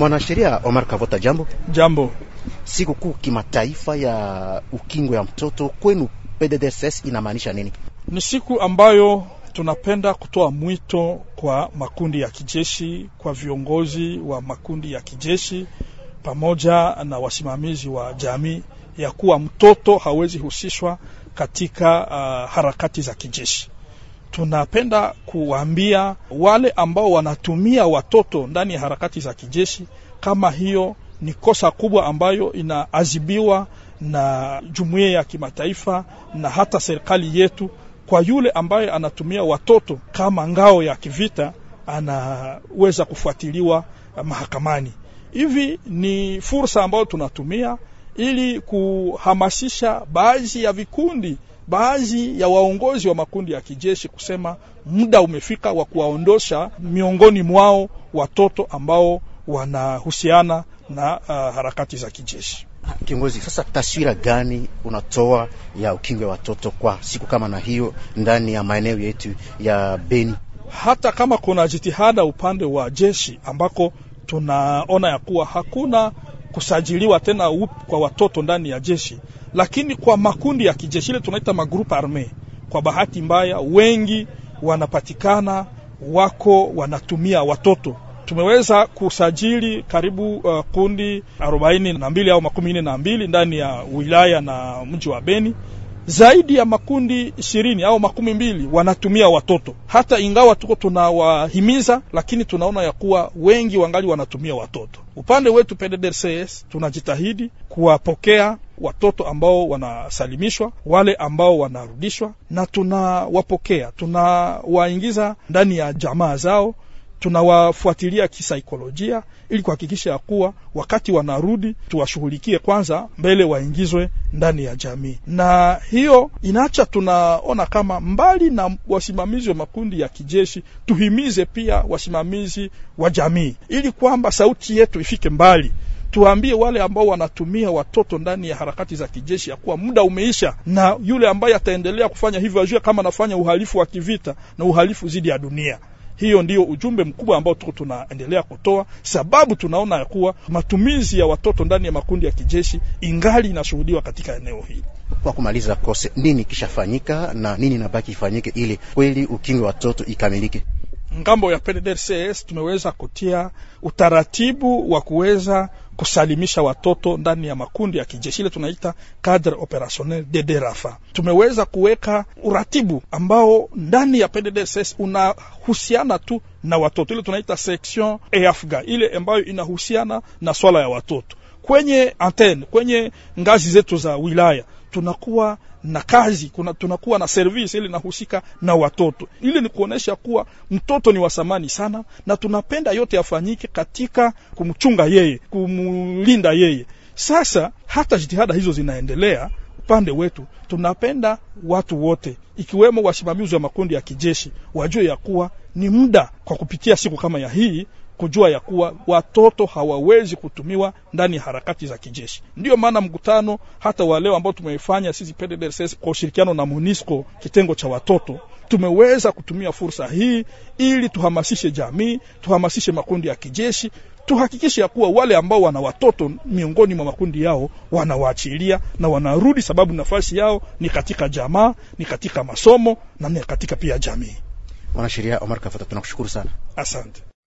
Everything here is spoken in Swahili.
Mwanasheria Omar Kavota, jambo. Jambo. Sikukuu kimataifa ya ukingo ya mtoto kwenu PDDSS inamaanisha nini? Ni siku ambayo tunapenda kutoa mwito kwa makundi ya kijeshi, kwa viongozi wa makundi ya kijeshi pamoja na wasimamizi wa jamii ya kuwa mtoto hawezi husishwa katika uh, harakati za kijeshi tunapenda kuwaambia wale ambao wanatumia watoto ndani ya harakati za kijeshi, kama hiyo ni kosa kubwa ambayo inaadhibiwa na jumuiya ya kimataifa na hata serikali yetu. Kwa yule ambaye anatumia watoto kama ngao ya kivita, anaweza kufuatiliwa mahakamani. Hivi ni fursa ambayo tunatumia ili kuhamasisha baadhi ya vikundi baadhi ya waongozi wa makundi ya kijeshi kusema muda umefika wa kuwaondosha miongoni mwao watoto ambao wanahusiana na uh, harakati za kijeshi. Kiongozi, sasa taswira gani unatoa ya ukingwe wa watoto kwa siku kama na hiyo ndani ya maeneo yetu ya Beni? Hata kama kuna jitihada upande wa jeshi ambako tunaona ya kuwa hakuna kusajiliwa tena up kwa watoto ndani ya jeshi, lakini kwa makundi ya kijeshi ile tunaita magrupa arme, kwa bahati mbaya wengi wanapatikana wako wanatumia watoto. Tumeweza kusajili karibu uh, kundi arobaini na mbili au makumi nne na mbili ndani ya wilaya na mji wa Beni zaidi ya makundi ishirini au makumi mbili wanatumia watoto, hata ingawa tuko tunawahimiza, lakini tunaona ya kuwa wengi wangali wanatumia watoto. Upande wetu PDDRCS tunajitahidi kuwapokea watoto ambao wanasalimishwa, wale ambao wanarudishwa, na tunawapokea, tunawaingiza ndani ya jamaa zao tunawafuatilia kisaikolojia, ili kuhakikisha ya kuwa wakati wanarudi tuwashughulikie kwanza mbele waingizwe ndani ya jamii. Na hiyo inaacha tunaona kama mbali na wasimamizi wa makundi ya kijeshi, tuhimize pia wasimamizi wa jamii, ili kwamba sauti yetu ifike mbali tuwaambie wale ambao wanatumia watoto ndani ya harakati za kijeshi ya kuwa muda umeisha, na yule ambaye ataendelea kufanya hivyo ajue kama anafanya uhalifu wa kivita na uhalifu dhidi ya dunia. Hiyo ndio ujumbe mkubwa ambao tuko tunaendelea kutoa, sababu tunaona ya kuwa matumizi ya watoto ndani ya makundi ya kijeshi ingali inashuhudiwa katika eneo hili. Kwa kumaliza kose, nini kishafanyika na nini nabaki ifanyike ili kweli ukingo wa watoto ikamilike? Ngambo ya PDDRCS tumeweza kutia utaratibu wa kuweza kusalimisha watoto ndani ya makundi ya kijeshi ile tunaita cadre operationnel derafa. Tumeweza kuweka uratibu ambao ndani ya PDDSS unahusiana tu na watoto, ile tunaita section EAFGA, ile ambayo inahusiana na swala ya watoto kwenye antene, kwenye ngazi zetu za wilaya tunakuwa na kazi kuna, tunakuwa na service ili nahusika na watoto. Ili ni kuonesha kuwa mtoto ni wasamani sana, na tunapenda yote yafanyike katika kumchunga yeye, kumlinda yeye. Sasa hata jitihada hizo zinaendelea upande wetu tunapenda watu wote ikiwemo wasimamizi wa makundi ya kijeshi wajue ya kuwa ni muda kwa kupitia siku kama ya hii kujua ya kuwa watoto hawawezi kutumiwa ndani ya harakati za kijeshi. Ndiyo maana mkutano hata wa leo ambao tumeifanya sisi PDDRCS kwa ushirikiano na MONUSCO kitengo cha watoto, tumeweza kutumia fursa hii ili tuhamasishe jamii, tuhamasishe makundi ya kijeshi, tuhakikishe ya kuwa wale ambao wana watoto miongoni mwa makundi yao wanawaachilia na wanarudi, sababu nafasi yao ni katika jamaa, ni katika masomo na ni katika pia jamii. Mwanasheria Omar Kafata, tunakushukuru sana, asante.